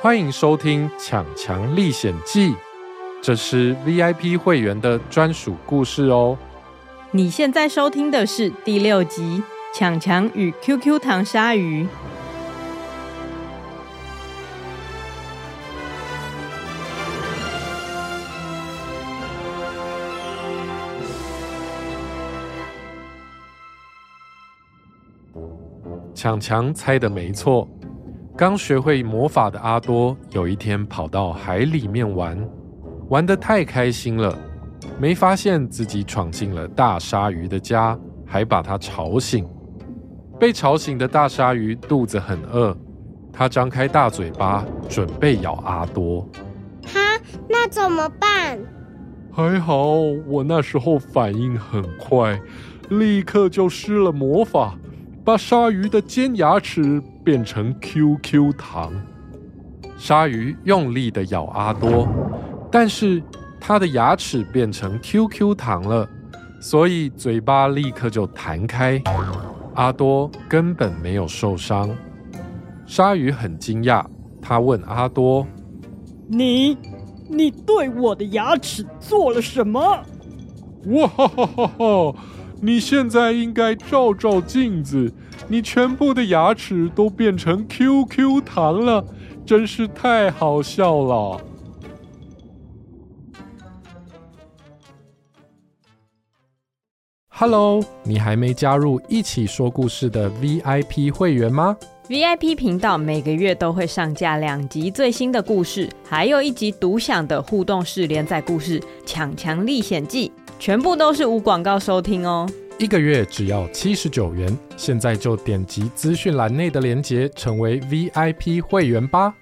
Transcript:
歡迎收聽《強強歷險記》，這是 VIP 會員的專屬故事哦。你現在收聽的是第六集《強強與 QQ 糖鯊魚》。強強猜的沒錯。剛學會魔法的阿多有一天跑到海裡面玩，玩得太開心了，沒發現自己闖進了大鯊魚的家，還把他吵醒。被吵醒的大鯊魚肚子很餓，它張開大嘴巴準備咬阿多。哈，那怎麼辦？還好我那時候反應很快，立刻就施了魔法，把鯊魚的尖牙齒。變成 QQ 糖，鯊魚用力的咬阿多，但是他的牙齒變成 QQ 糖了，所以嘴巴立刻就彈開，阿多根本沒有受傷。鯊魚很驚訝，他問阿多：“你，你對我的牙齒做了什麼？”哇哈哈哈哈！你現在應該照照鏡子。你全部的牙齒都變成 QQ 糖了，真是太好笑了！Hello，你還沒加入一起說故事的 VIP 會員嗎？VIP 頻道每個月都會上架兩集最新的故事，還有一集獨享的互動式連載故事《強強歷險記》，全部都是無廣告收聽哦。一個月只要七十九元，現在就點擊資訊欄內的鏈接，成為 VIP 會員吧。